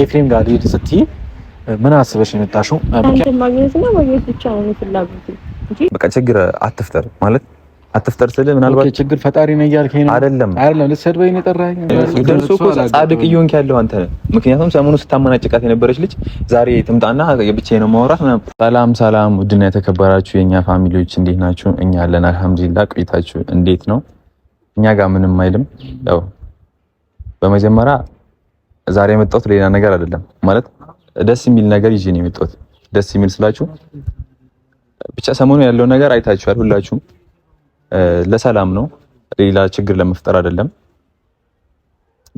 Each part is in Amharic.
የክሬም ጋር ልሄድ ስትይ ምን አስበሽ ነው የመጣሽው? በቃ ችግር አትፍጠር ማለት አትፍጠር ስል ምናልባት ችግር ፈጣሪ ነው እያልከኝ ነው አይደለም? አይደለም ልትሰድበኝ ነው የጠራኸኝ? ደርሶ እኮ ጻድቅ እየሆንክ ያለው አንተ ነህ። ምክንያቱም ሰሞኑን ስታመናጭቃት የነበረች ልጅ ዛሬ ትምጣና የብቻዬን ነው ማውራት። ሰላም ሰላም፣ ውድና የተከበራችሁ የእኛ ፋሚሊዎች እንዴት ናችሁ? እኛ አለን አልሐምዱሊላህ። ቆይታችሁ እንዴት ነው? እኛ ጋር ምንም አይልም። ያው በመጀመሪያ ዛሬ የመጣሁት ሌላ ነገር አይደለም። ማለት ደስ የሚል ነገር ይዤ ነው የመጣሁት። ደስ የሚል ስላችሁ ብቻ ሰሞኑ ያለው ነገር አይታችኋል ሁላችሁም። ለሰላም ነው፣ ሌላ ችግር ለመፍጠር አይደለም።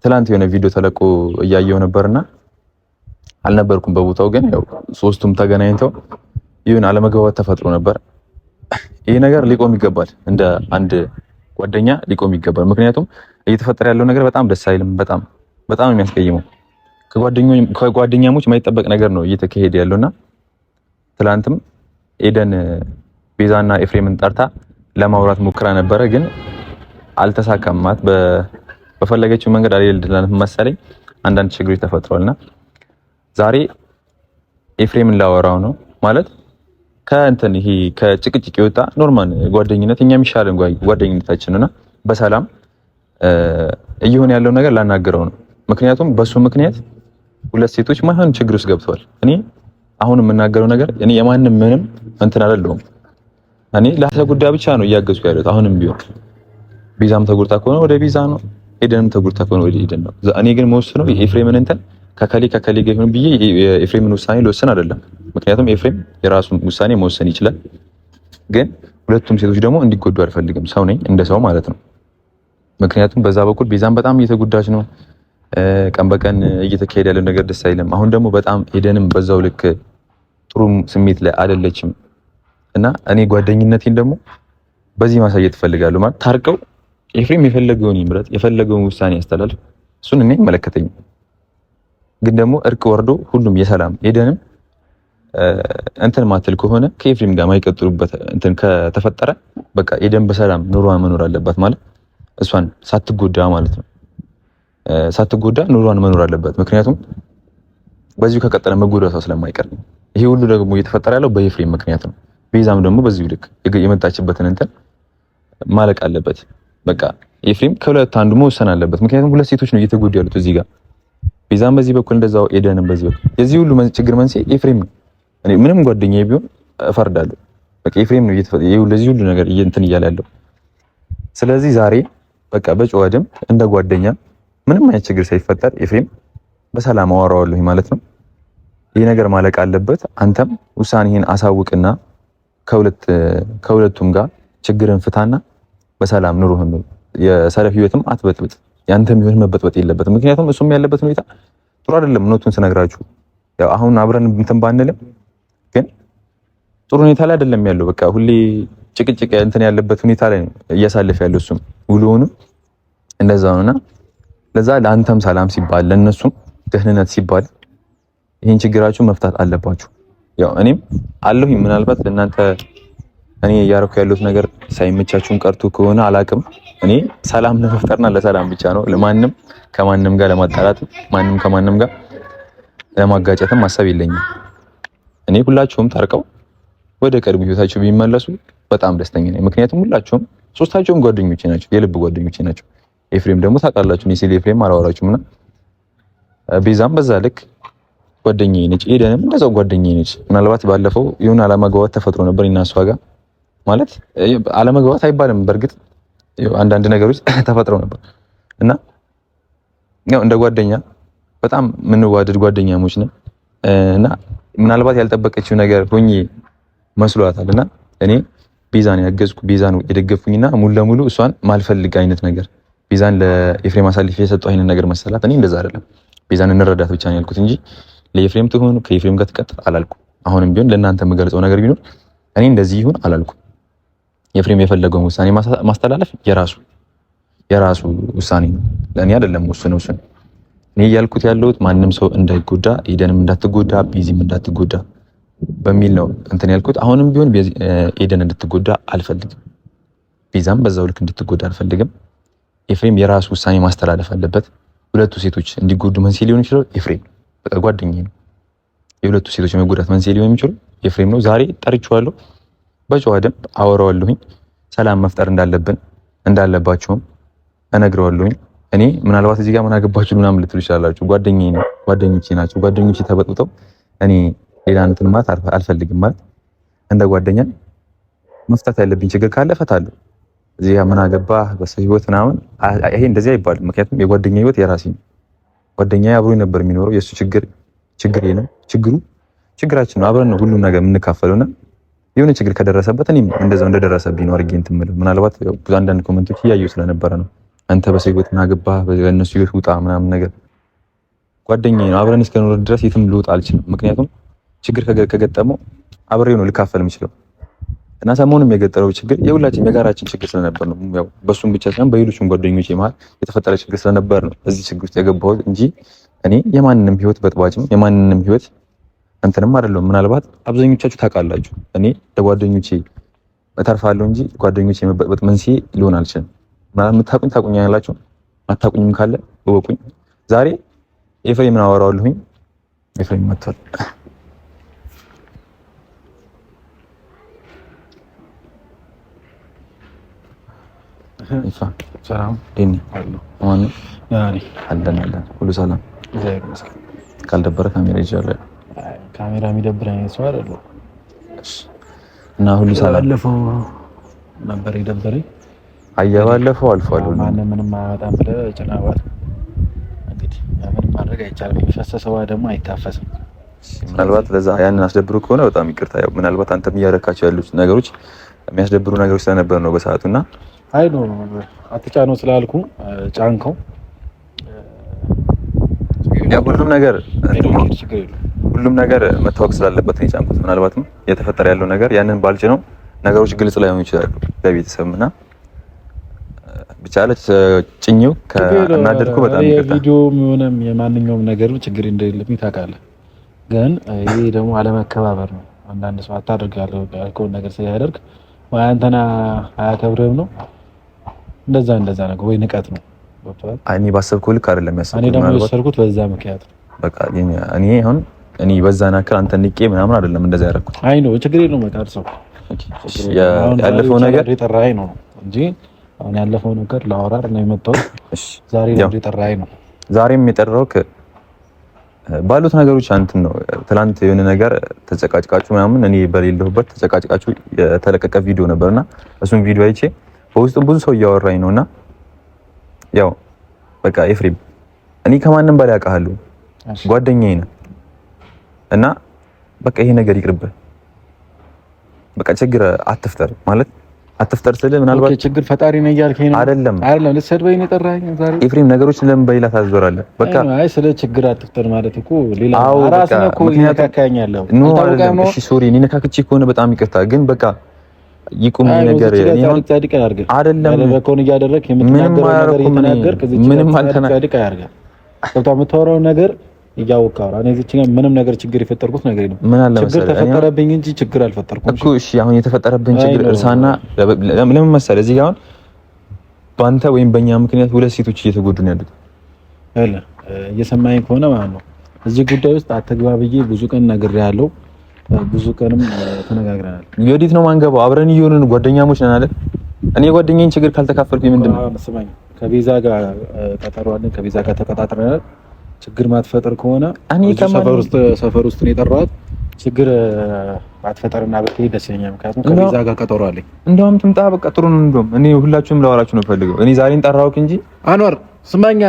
ትላንት የሆነ ቪዲዮ ተለቆ እያየው ነበርና አልነበርኩም በቦታው ግን ያው ሶስቱም ተገናኝተው ይሁን አለመግባባት ተፈጥሮ ነበር። ይሄ ነገር ሊቆም ይገባል፣ እንደ አንድ ጓደኛ ሊቆም ይገባል። ምክንያቱም እየተፈጠረ ያለው ነገር በጣም ደስ አይልም በጣም በጣም የሚያስቀይመው ከጓደኛሞች የማይጠበቅ ነገር ነው እየተካሄደ ያለውና ትላንትም ኤደን ቤዛና ኤፍሬምን ጠርታ ለማውራት ሞክራ ነበረ፣ ግን አልተሳካማት። በፈለገችው መንገድ አልሄድልንም መሰለኝ። አንዳንድ ችግሮች ተፈጥሯልና ዛሬ ኤፍሬምን ላወራው ነው ማለት ከእንትን ይሄ ከጭቅጭቅ የወጣ ኖርማል ጓደኝነት እኛ የሚሻለን ጓደኝነታችንና በሰላም እየሆነ ያለው ነገር ላናገረው ነው ምክንያቱም በሱ ምክንያት ሁለት ሴቶች ማይሆን ችግር ውስጥ ገብተዋል። እኔ አሁን የምናገረው ነገር እኔ የማንም ምንም እንትን አይደለሁም። እኔ ለሀሰ ጉዳይ ብቻ ነው እያገዙ ያሉት። አሁንም ቢሆን ቤዛም ተጉርታ ከሆነ ወደ ቤዛ ነው፣ ኤደንም ተጉርታ ከሆነ ወደ ኤደን ነው። እኔ ግን መወስነው የኤፍሬምን እንትን ከከሌ ከከሌ ጋር ብዬ የኤፍሬምን ውሳኔ ልወስን አይደለም። ምክንያቱም ኤፍሬም የራሱን ውሳኔ መወሰን ይችላል። ግን ሁለቱም ሴቶች ደግሞ እንዲጎዱ አልፈልግም። ሰው ነኝ፣ እንደ ሰው ማለት ነው። ምክንያቱም በዛ በኩል ቤዛም በጣም እየተጎዳች ነው ቀን በቀን እየተካሄደ ያለው ነገር ደስ አይልም። አሁን ደግሞ በጣም ኤደንም በዛው ልክ ጥሩ ስሜት ላይ አይደለችም እና እኔ ጓደኝነቴን ደግሞ በዚህ ማሳየት እፈልጋለሁ። ማለት ታርቀው ኤፍሬም የፈለገውን ይምረጥ፣ የፈለገውን ውሳኔ ያስተላልፍ፣ እሱን እኔ አይመለከተኝም። ግን ደግሞ እርቅ ወርዶ ሁሉም የሰላም ኤደንም እንትን ማትል ከሆነ ከኤፍሬም ጋር ማይቀጥሉበት እንትን ከተፈጠረ በቃ ኤደን በሰላም ኑሯ መኖር አለባት ማለት እሷን ሳትጎዳ ማለት ነው። ሳትጎዳ ኑሯን መኖር አለባት። ምክንያቱም በዚሁ ከቀጠለ መጎዳቷ ስለማይቀር ይሄ ሁሉ ደግሞ እየተፈጠረ ያለው በኤፍሬም ምክንያት ነው። ቤዛም ደግሞ በዚሁ ልክ የመጣችበትን እንትን ማለቅ አለበት። በቃ ኤፍሬም ከሁለት አንዱ መወሰን አለበት። ምክንያቱም ሁለት ሴቶች ነው እየተጎዱ ያሉት እዚህ ጋር ቤዛም በዚህ በኩል እንደዛው፣ ኤደንም በዚህ በኩል። የዚህ ሁሉ ችግር መንስኤ ኤፍሬም ነው። እኔ ምንም ጓደኛ ቢሆን እፈርዳለሁ። በቃ ኤፍሬም ነው ለዚህ ሁሉ ነገር እንትን እያለ ያለው። ስለዚህ ዛሬ በቃ በጨዋ ደም እንደ ጓደኛ ምንም አይነት ችግር ሳይፈጠር ኤፍሬም በሰላም አወራዋለሁ ማለት ነው። ይህ ነገር ማለቅ አለበት። አንተም ውሳኔህን አሳውቅና ከሁለቱም ጋር ችግርን ፍታና በሰላም ኑሮ የሰለፍ ህይወትም አትበጥብጥ። ያንተም ህይወት መበጥበጥ የለበትም። ምክንያቱም እሱም ያለበት ሁኔታ ጥሩ አይደለም። ኖቱን ስነግራችሁ ያው አሁን አብረን እንትን ባንልም ግን ጥሩ ሁኔታ ላይ አይደለም ያለው። በቃ ሁሌ ጭቅጭቅ እንትን ያለበት ሁኔታ ላይ እያሳለፈ ያለው እሱም ውሎውንም እንደዛ ነውና ለዛ ለአንተም ሰላም ሲባል ለእነሱም ደህንነት ሲባል ይህን ችግራችሁ መፍታት አለባችሁ። ያው እኔም አለሁ ምናልባት ለእናንተ እኔ እያረኩ ያለሁት ነገር ሳይመቻችሁን ቀርቶ ከሆነ አላቅም። እኔ ሰላም ለመፍጠርና ለሰላም ብቻ ነው። ለማንም ከማንም ጋር ለማጣላት ማንም ከማንም ጋር ለማጋጨትም ሀሳብ የለኝም። እኔ ሁላችሁም ታርቀው ወደ ቀድሞ ህይወታችሁ ቢመለሱ በጣም ደስተኛ ነኝ። ምክንያቱም ሁላችሁም ሶስታችሁም ጓደኞቼ ናቸው፣ የልብ ጓደኞቼ ናቸው። ኤፍሬም ደግሞ ታውቃላችሁ፣ እኔ ስለ ኤፍሬም አላወራችሁም እና ቤዛም በዛ ልክ ጓደኛዬ ነች። ኤደንም እንደዛው ጓደኛዬ ነች። ምናልባት ባለፈው የሆነ አለመግባባት ተፈጥሮ ነበር እና እሷ ጋር ማለት አለመግባባት አይባልም፣ በእርግጥ አንዳንድ ነገሮች ተፈጥረው ነበር እና ያው እንደ ጓደኛ በጣም የምንዋደድ ጓደኛሞች ነን እና ምናልባት ያልጠበቀችው ነገር ሆኜ መስሏታል እና እኔ ቤዛን ያገዝኩ ቤዛን የደገፉኝና ሙሉ ለሙሉ እሷን ማልፈልግ አይነት ነገር ቤዛን ለኤፍሬም አሳልፌ የሰጠው አይነት ነገር መሰላት። እኔ እንደዛ አይደለም ቤዛን እንረዳት ብቻ ነው ያልኩት እንጂ ለኤፍሬም ትሆን ከኤፍሬም ጋር ትቀጥል አላልኩም። አሁንም ቢሆን ለእናንተ የምገልጸው ነገር ቢኖር እኔ እንደዚህ ይሁን አላልኩ ኤፍሬም የፈለገውን ውሳኔ ማስተላለፍ የራሱ የራሱ ውሳኔ ነው፣ ለእኔ አይደለም። እሱ ነው ነው እኔ እያልኩት ያለሁት ማንም ሰው እንዳይጎዳ፣ ኤደንም እንዳትጎዳ፣ ቤዚም እንዳትጎዳ በሚል ነው እንትን ያልኩት። አሁንም ቢሆን ኤደን እንድትጎዳ አልፈልግም፣ ቤዛም በዛው ልክ እንድትጎዳ አልፈልግም። ኤፍሬም የራሱ ውሳኔ ማስተላለፍ አለበት። ሁለቱ ሴቶች እንዲጎዱ መንስኤ ሊሆን ይችላል ኤፍሬም በቃ ጓደኛዬ ነው። የሁለቱ ሴቶች መጎዳት መንስኤ ሊሆን የሚችሉ ኤፍሬም ነው። ዛሬ ጠርቼዋለሁ፣ በጨዋ ደንብ አወራዋለሁኝ። ሰላም መፍጠር እንዳለብን እንዳለባቸውም እነግረዋለሁኝ። እኔ ምናልባት እዚህ ጋር ምን አገባችሁ ምናምን ልትሉ ይችላላችሁ። ጓደኛዬ ነው፣ ጓደኞቼ ናቸው። ጓደኞቼ ተበጥብጠው እኔ ሌላ እንትን ማለት አልፈልግም። ማለት እንደ ጓደኛ መፍታት ያለብኝ ችግር ካለ እፈታለሁ። እዚህ ምን በሰው ህይወት ምናምን ይሄ እንደዚህ አይባልም። ምክንያቱም የጓደኛ ህይወት የራሴ ነው። ጓደኛ አብሮ ነበር የሚኖረው የእሱ ችግር ችግር ነው ችግሩ ችግራችን ነው። አብረን ነው ሁሉም ነገር የምንካፈለውና የሆነ ችግር ከደረሰበት እኔም እንደዛው እንደደረሰብኝ ነው አድርጌ እንትን የምልህ ምናልባት ብዙ አንዳንድ ኮመንቶች እያየሁ ስለነበረ ነው አንተ በሰው ህይወት ምን አገባህ በእነሱ ህይወት ውጣ ምናምን ነገር ጓደኛ ነው አብረን እስከኖር ድረስ የትም ልውጣ አልችልም። ምክንያቱም ችግር ከገጠመው አብሬው ነው ልካፈል የምችለው እና ሰሞኑን የገጠረው ችግር የሁላችንም የጋራችን ችግር ስለነበር ነው። ያው በሱም ብቻ ሳይሆን በሌሎችም ጓደኞች መሀል የተፈጠረ ችግር ስለነበር ነው እዚህ ችግር ውስጥ የገባሁት እንጂ እኔ የማንንም ህይወት በጥባጭም የማንንም ህይወት እንትንም አይደለም። ምናልባት አብዛኞቻችሁ ታውቃላችሁ፣ እኔ ለጓደኞቼ እተርፋለሁ እንጂ ጓደኞቼ የመበጥበጥ መንስኤ ሊሆን አልችልም። ምናልባት የምታውቁኝ ታውቁኝ ያላችሁ አታውቁኝም ካለ እወቁኝ። ዛሬ ኤፍሬምን አወራዋለሁኝ። ኤፍሬም መጥቷል። ሁሉ ሰላም ካልደበረ ካሜራ ይዣለሁ። ካሜራ የሚደብር አይነት ሰው አይደለሁም እና ሁሉ ሰላም። ባለፈው ነበር የደበረኝ። አየህ ባለፈው አልፏል። ማንም ምንም አያመጣም ብለህ ጭናባል። እንግዲህ ምንም ማድረግ አይቻልም። የፈሰሰ ውሃ ደግሞ አይታፈስም። ምናልባት ለዛ ያንን አስደብሩ ከሆነ በጣም ይቅርታ። ያው ምናልባት አንተም እያደረካቸው ያሉት ነገሮች የሚያስደብሩ ነገሮች ስለነበር ነው በሰዓቱ እና አይ ነው አትጫነው ስላልኩ ጫንከው። ያው ሁሉም ነገር ሁሉም ነገር መታወቅ ስላለበት ነው የጫንኩት። ምናልባትም የተፈጠረ ያለው ነገር ያንን ባልጭ ነው ነገሮች ግልጽ ላይሆኑ ይችላሉ ለቤተሰብ እና ብቻ አለ ጭኝው ከእናደድኩ በጣም ይቅርታ። ቪዲዮም የሆነም የማንኛውም ነገር ችግር እንደሌለብኝ ታውቃለህ። ግን ይሄ ደግሞ አለመከባበር ነው። አንዳንድ ሰው አታደርጋለህ ያልከውን ነገር ሲያደርግ ወይ አንተና አያከብርህም ነው እንደዛ እንደዛ ነገር ወይ ንቀት ነው። እኔ ባሰብከው ልክ አይደለም ያሰብኩት። እኔ ደግሞ የወሰድኩት በዛ ምክንያት ነው። በቃ እኔ አሁን እኔ በዛ ናክል አንተ ንቄ ምናምን አይደለም እንደዛ ያደረኩት። አይ ነው ችግር የለውም። በቃ እርሰው ያለፈው ነገር የጠራኸኝ ነው እንጂ አሁን ያለፈው ነገር ላወራ ነው የመጣሁት። ዛሬ ነው የጠራኸኝ ነው። ዛሬም የጠራሁት ባሉት ነገሮች አንተን ነው። ትላንት የሆነ ነገር ተጨቃጭቃችሁ ምናምን እኔ በሌለሁበት ተጨቃጭቃችሁ የተለቀቀ ቪዲዮ ነበርና እሱን ቪዲዮ አይቼ በውስጡ ብዙ ሰው እያወራኝ ነው እና ያው በቃ ኤፍሬም እኔ ከማንም በላይ አውቃለሁ፣ ጓደኛዬ ነህ እና በቃ ይሄ ነገር ይቅርብህ። በቃ ችግር አትፍጠር ማለት አትፍጠር ስልህ ምናልባት ችግር ፈጣሪ ነው እያልከኝ ነው አይደለም? አይደለም ልትሰድበኝ ነው የጠራኸኝ ዛሬ? ኤፍሬም ነገሮች ለምን በሌላ ታዞራለህ? በቃ አይ ስለ ችግር አትፍጠር ማለት እኮ ሌላ ነው እኮ ይነካካኛለህ። ኖ አይደለም። እሺ ሶሪ፣ እኔ ነካክቼ ከሆነ በጣም ይቅርታ ግን በቃ ይቁም ነገር የምትናገረው ነገር እያወቃሁ እኔ እዚህ ምንም ነገር ችግር የፈጠርኩት ነገር ምን አለ ነው። ችግር ተፈጠረብኝ እንጂ ችግር አልፈጠርኩም እኮ። እሺ አሁን የተፈጠረብኝ ችግር እርሳና ለምን መሰለህ እዚህ አሁን በአንተ ወይም በእኛ ምክንያት ሁለት ሴቶች እየተጎዱ ነው ያሉት። እየሰማኸኝ ከሆነ ማለት ነው እዚህ ጉዳይ ውስጥ አተግባብዬ ብዙ ቀን ነግሬሃለሁ። ብዙ ቀንም ተነጋግረናል። ወዴት ነው ማንገባው? አብረን እየሆንን ጓደኛሞች ነን አይደል? እኔ ጓደኛዬን ችግር ካልተካፈልኩኝ ምንድን ነው ስማኝ፣ ከቤዛ ጋር ቀጠሮ አለኝ። ከቤዛ ጋር ተቀጣጥረናል። ችግር ማትፈጠር ከሆነ እኔ ከሰፈር ውስጥ ሰፈር ውስጥ ነው የጠራሁት። ችግር ማትፈጠርና ብትሄድ ደስ ይለኛል። ምክንያቱም ከቤዛ ጋር ቀጠሮ አለኝ። እንደውም ትምጣ፣ በቃ ጥሩ ነው። እንደውም እኔ ሁላችሁም ላወራችሁ ነው ፈልገው። እኔ ዛሬን ጠራሁክ እንጂ አንዋር ስማኛ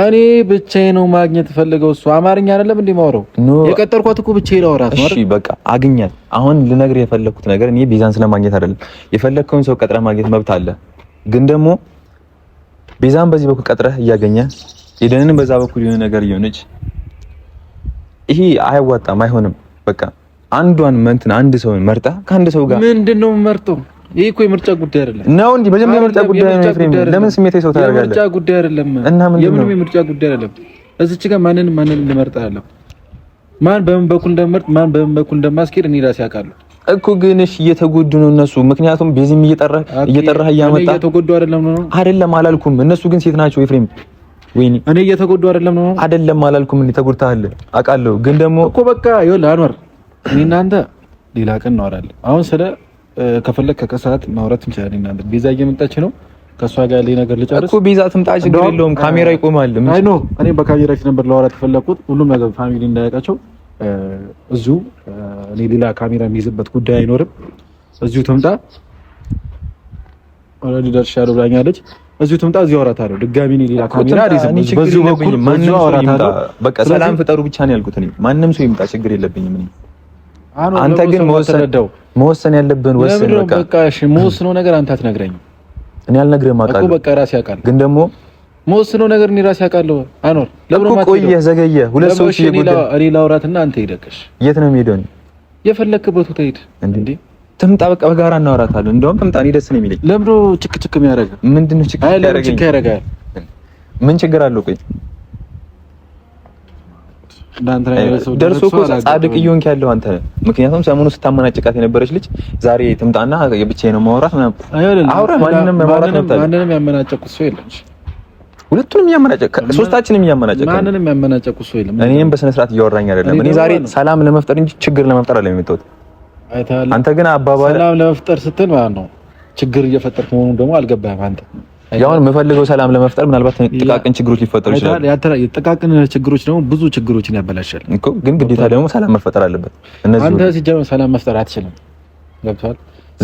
እኔ ብቻዬ ነው ማግኘት ፈልገው። እሱ አማርኛ አይደለም እንዴ ማውረው? የቀጠርኳት እኮ ብቻዬ ብቻዬን አወራት። እሺ በቃ አግኛት። አሁን ልነግርህ የፈለኩት ነገር እኔ ቤዛን ስለማግኘት አይደለም። የፈለግከውን ሰው ቀጥረህ ማግኘት መብት አለ፣ ግን ደግሞ ቤዛን በዚህ በኩል ቀጥረህ እያገኘ የደንን በዛ በኩል የሆነ ነገር እየሆነች ይሄ አያዋጣም፣ አይሆንም። በቃ አንዷን መንትን አንድ ሰውን መርጣ ከአንድ ሰው ጋር ምንድነው መርጦ ይሄ እኮ የምርጫ ጉዳይ አይደለም ነው እንዴ? መጀመሪያ የምርጫ ጉዳይ ነው አይደለም። ለምን ስሜት ሰው ታደርጋለህ? የምርጫ ጉዳይ አይደለም። እና ምን የምንም የምርጫ ጉዳይ አይደለም። እዚች ጋር ማንንም ማንንም ልመርጥ አይደለም። ማን በምን በኩል እንደምመርጥ ማን በምን በኩል እንደማስኬድ እኔ ራሴ አውቃለሁ እኮ። ግን እሺ እየተጎዱ ነው እነሱ። ምክንያቱም ቤዚም እየጠራህ እየጠራህ እያመጣ እየተጎዱ አይደለም ነው አይደለም አላልኩም። እነሱ ግን ሴት ናቸው ኤፍሬም ወይኒ እኔ እየተጎዱ አይደለም ነው አይደለም አላልኩም። እንዴ ተጎድተሃል አውቃለሁ። ግን ደግሞ እኮ በቃ ይኸውልህ አንወር እኔ እናንተ ሌላ ቀን እናወራለን። አሁን ስለ ከፈለግ ከከሰዓት ማውራት እንችላለን። እናንተ ቤዛ እየመጣች ነው። ከእሷ ጋር ያለኝ ነገር ልጨርስ እኮ ቤዛ ትምጣ፣ ችግር የለውም። ካሜራ ይቆማል። አይ ኖ እኔ በካሜራችን ነበር ለማውራት የፈለኩት። ሁሉም ነገር ፋሚሊ እንዳያውቃቸው እዚሁ እኔ ሌላ ካሜራ የሚይዝበት ጉዳይ አይኖርም። እዚሁ ትምጣ። ኦልሬዲ ደርሻለሁ ብላኛለች። እዚሁ ትምጣ፣ እዚሁ አወራታለሁ። ድጋሚ እኔ ሌላ ካሜራ አልይዝም። በዚሁ በኩል ማንም አወራታለሁ። በቃ ሰላም ፍጠሩ ብቻ ነው ያልኩት። እኔ ማንም ሰው ይምጣ፣ ችግር የለብኝም። እኔ አንተ ግን መወሰን መወሰን ያለብን ወሰን። በቃ እሺ፣ መወስነው ነገር አንተ አትነግረኝም፣ እኔ አልነግርህም። አውቃለሁ በቃ ራሴ አውቃለሁ። ግን ደግሞ መወስነው ነገር እኔ ራሴ አውቃለሁ። አኖር ለብሮ ለምን ቆየህ? ዘገየህ። ሁለት ሰው ሰዎች እየጎዳ እኔ ላውራትና አንተ ይደቅሽ። የት ነው የሚሄደው? የፈለክበት ቦታ ሂድ። እንዴ ትምጣ፣ በቃ በጋራ እናወራታለን። እንደውም ትምጣ፣ እኔ ደስ ነው የሚለኝ። ለምዶ ችክ ችክ የሚያደርገው ምንድን ነው? ችክ ያደርጋል። ምን ችግር አለው? ቆይ ደርሶ እኮ ጻድቅ እየሆንክ ያለው አንተ ነህ። ምክንያቱም ሰሞኑን ስታመናጭቃት የነበረች ልጅ ዛሬ ትምጣና የብቻዬን ነው ማውራት ምናምን አውራ ማንንም ማውራት ነው። ማንንም ያመናጨቁት ሰው የለም። ሁለቱንም ያመናጨቅ ሶስታችንም ያመናጨቅ ማንንም ያመናጨቁ ሰው የለም። እኔም በስነ ስርዓት እያወራኝ አይደለም። እኔ ዛሬ ሰላም ለመፍጠር እንጂ ችግር ለመፍጠር አይደለም የመጣሁት። አንተ ግን አባባል ሰላም ለመፍጠር ስትል ማለት ነው ችግር እየፈጠርክ መሆኑን ደግሞ አልገባህም አንተ ያሁን የምፈልገው ሰላም ለመፍጠር ምናልባት ጥቃቅን ችግሮች ሊፈጠሩ ይችላሉ። ጥቃቅን ችግሮች ደግሞ ብዙ ችግሮችን ያበላሻል እኮ። ግን ግዴታ ደግሞ ሰላም መፈጠር አለበት። አንተ ሲጀምር ሰላም መፍጠር አትችልም። ገብቶሃል?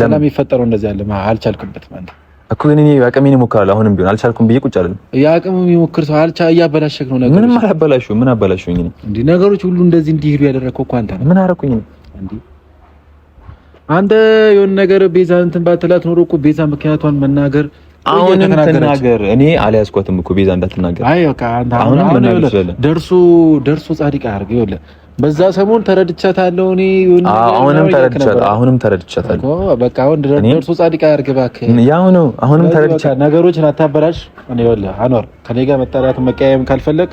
ሰላም ይፈጠረው እንደዚህ ያለ አልቻልኩበት ማለት እኮ። ግን እኔ አቅሜን እሞክራለሁ። አሁንም ቢሆን አልቻልኩም ብዬ ቁጭ አልልም። የአቅም የሚሞክር ሰው አልቻ እያበላሸክ ነው ነገሮች። ምንም አላበላሽሁም። ምን አበላሽሁኝ? እኔ ነገሮች ሁሉ እንደዚህ እንዲሄዱ ያደረግከው እኮ አንተ ነህ። ምን አደረኩኝ? አንተ የሆነ ነገር ቤዛ እንትን ባትላት ኖሮ እኮ ቤዛ ምክንያቷን መናገር አሁንም ትናገር። እኔ አልያዝኳትም እኮ ቤዛ እንዳትናገር። አይ በቃ ደርሶ ደርሶ ጻድቅ አድርገ ይወለ በዛ ሰሞን ተረድቻታለሁ። እኔ አሁንም ተረድቻታለሁ። አሁንም ተረድቻታለሁ። በቃ ወንድ ደርሶ ጻድቅ አድርገ እባክህ። ያው ነው። አሁንም ተረድቻታለሁ። ነገሮችን አታበላሽ። እኔ ይወለ አኖር ከኔ ጋር መጣላት መቀያየም ካልፈለግ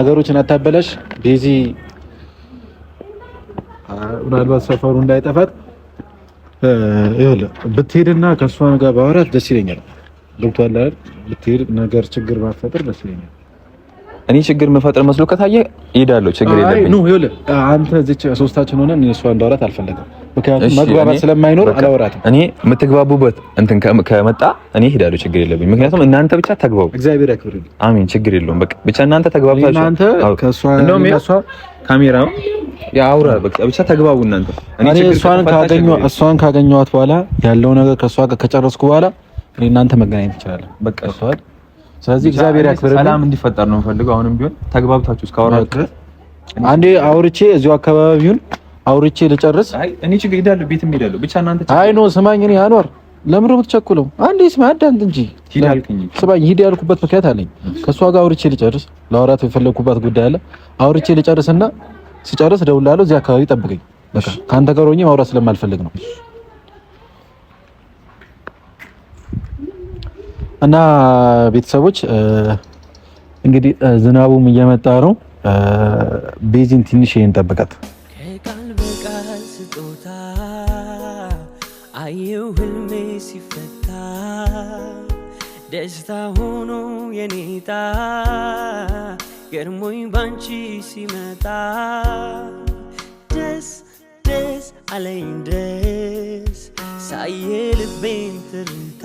ነገሮችን አታበላሽ። ቤዚ ምናልባት ሰፈሩ እንዳይጠፋት ይኸውልህ ብትሄድና ከእሷ ጋር ባወራት ደስ ይለኛል። ገብቷል አይደል? ብትሄድ ነገር ችግር ባፈጥር ደስ ይለኛል። እኔ ችግር መፈጠር መስሎ ከታየ እሄዳለሁ። ችግር የለብኝም። ኖ ይኸውልህ፣ አንተ እዚህ ሶስታችን ሆነን እሷ እንዳወራት አልፈለግም፣ ምክንያቱም መግባባት ስለማይኖር አላወራትም። እኔ የምትግባቡበት እንትን ከመጣ እኔ እሄዳለሁ፣ ችግር የለብኝም። ምክንያቱም እናንተ ብቻ ተግባቡ። እግዚአብሔር ያክብርልኝ። አሜን። ችግር የለውም። በቃ ብቻ እናንተ ተግባብታችሁ ካሜራው የአውራ በቃ ብቻ ተግባቡ እናንተ። እኔ እሷን ካገኘኋት በኋላ ያለው ነገር ከእሷ ጋር ከጨረስኩ በኋላ እኔ እናንተ መገናኘት እንችላለን። በቃ እሷል። ስለዚህ እግዚአብሔር ያክብር። ሰላም እንዲፈጠር ነው የምፈልገው። አሁንም ቢሆን ተግባብታችሁ እስካወራ ድረስ አንዴ አውርቼ እዚሁ አካባቢውን አውርቼ ልጨርስ። አይ እኔ ችግር ሄዳለሁ፣ ቤትም ሄዳለሁ። ብቻ እናንተ አይ ኖ ስማኝ፣ እኔ አኗር ለምን ነው የምትቸኩለው? አንዴ ስማኝ፣ አዳምጥ እንጂ ስማኝ። ሂድ ያልኩበት ምክንያት አለኝ። ከእሷ ጋር አውርቼ ልጨርስ። ለአውራት የፈለግኩባት ጉዳይ አለ። አውርቼ ልጨርስና ስጨርስ እደውልልሃለሁ። እዚህ አካባቢ ጠብቀኝ። በቃ ከአንተ ጋር ሆኜ ማውራት ስለማልፈልግ ነው። እና ቤተሰቦች እንግዲህ ዝናቡም እየመጣ ነው። ቤዚን ትንሽ እንጠብቃት። ከቃል በቃል ስጦታ አየው ህልሜ ሲፈታ ደስታ ሆኖ የኔታ ገርሞኝ ባንቺ ሲመጣ ደስ ደስ አለኝ ደስ ሳየ ልቤን ትርታ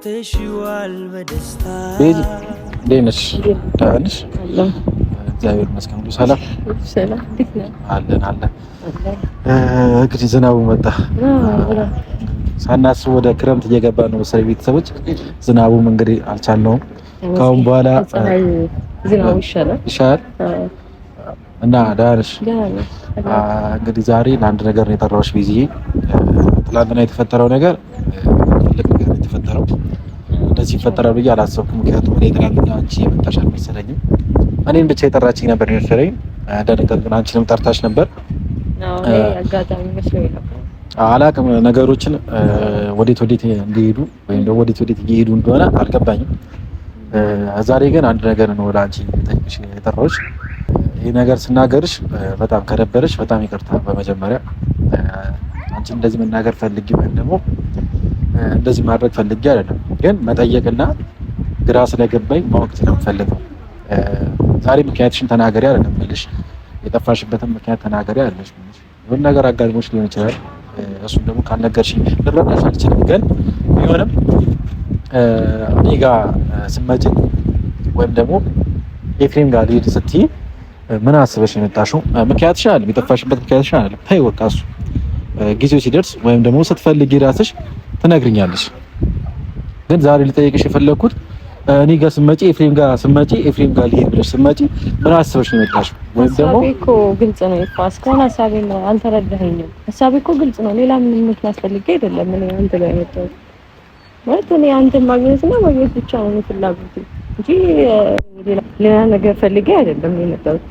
እግዚአብሔር ይመስገን ሁሉ ሰላም አለን አለን። እንግዲህ ዝናቡ መጣ ሳናስብ ወደ ክረምት እየገባ ነው መሰለኝ ቤተሰቦች። ዝናቡም እንግዲህ አልቻልነውም። ከአሁን በኋላ ዝናቡ ይሻላል እና ደህና ነሽ? እንግዲህ ዛሬ ለአንድ ነገር ነው የጠራሁሽ ቤዝዬ። ትናንትና የተፈጠረው ነገር እንደዚህ ይፈጠራል ብዬ አላሰብኩም። ምክንያቱም እኔ ትላልኛ አንቺ የመጣሽ አልመሰለኝም። እኔን ብቻ የጠራችኝ ነበር የመሰለኝ። እንደነገር ግን አንቺንም ጠርታች ነበር። አላቅም ነገሮችን ወዴት ወዴት እንዲሄዱ ወይም ደግሞ ወዴት ወዴት እየሄዱ እንደሆነ አልገባኝም። ዛሬ ግን አንድ ነገር ነው ወደ አንቺ ጠይቅሽ የጠራሁሽ። ይህ ነገር ስናገርሽ በጣም ከደበረሽ በጣም ይቅርታ በመጀመሪያ አንቺ እንደዚህ መናገር ፈልጊ ወይም ደግሞ እንደዚህ ማድረግ ፈልጌ አይደለም፣ ግን መጠየቅና ግራ ስለገባኝ ማወቅ ስለምፈልገው ዛሬ ምክንያትሽን ተናገሪ አይደለም የምልሽ። የጠፋሽበትን ምክንያት ተናገሪ አይደለሽ። የሆነ ነገር አጋድሞች ሊሆን ይችላል። እሱም ደግሞ ካልነገርሽኝ ልረዳሽ አልችልም። ግን ቢሆንም እኔ ጋ ስመጭን ወይም ደግሞ ኤፍሬም ጋር ልሂድ ስትይ ምን አስበሽ የመጣሽው ምክንያትሽ አይደለም። የጠፋሽበት ምክንያትሽ አይደለም። ተይ በቃ እሱ ጊዜው ሲደርስ ወይም ደግሞ ስትፈልጊ ራስሽ ትነግርኛለሽ። ግን ዛሬ ልጠይቅሽ የፈለግኩት እኔ ጋር ስመጪ ኤፍሬም ጋር ስመጪ ኤፍሬም ጋር ልሄድ ብለሽ ስመጪ ምን አስበሽ ነው የመጣሽው? ወይም ደግሞ ሀሳቤ እኮ ግልጽ ነው እኮ እስካሁን ሀሳቤ ነው አልተረዳኸኝም። ሀሳቤ እኮ ግልጽ ነው። ሌላ ምንም አስፈልጌ አይደለም። እኔ አንተ ጋር የመጣሁት ማለት እኔ አንተን ማግኘት እና ማግኘት ብቻ ነው ፍላጎቴ እንጂ ሌላ ነገር ፈልጌ አይደለም የመጣሁት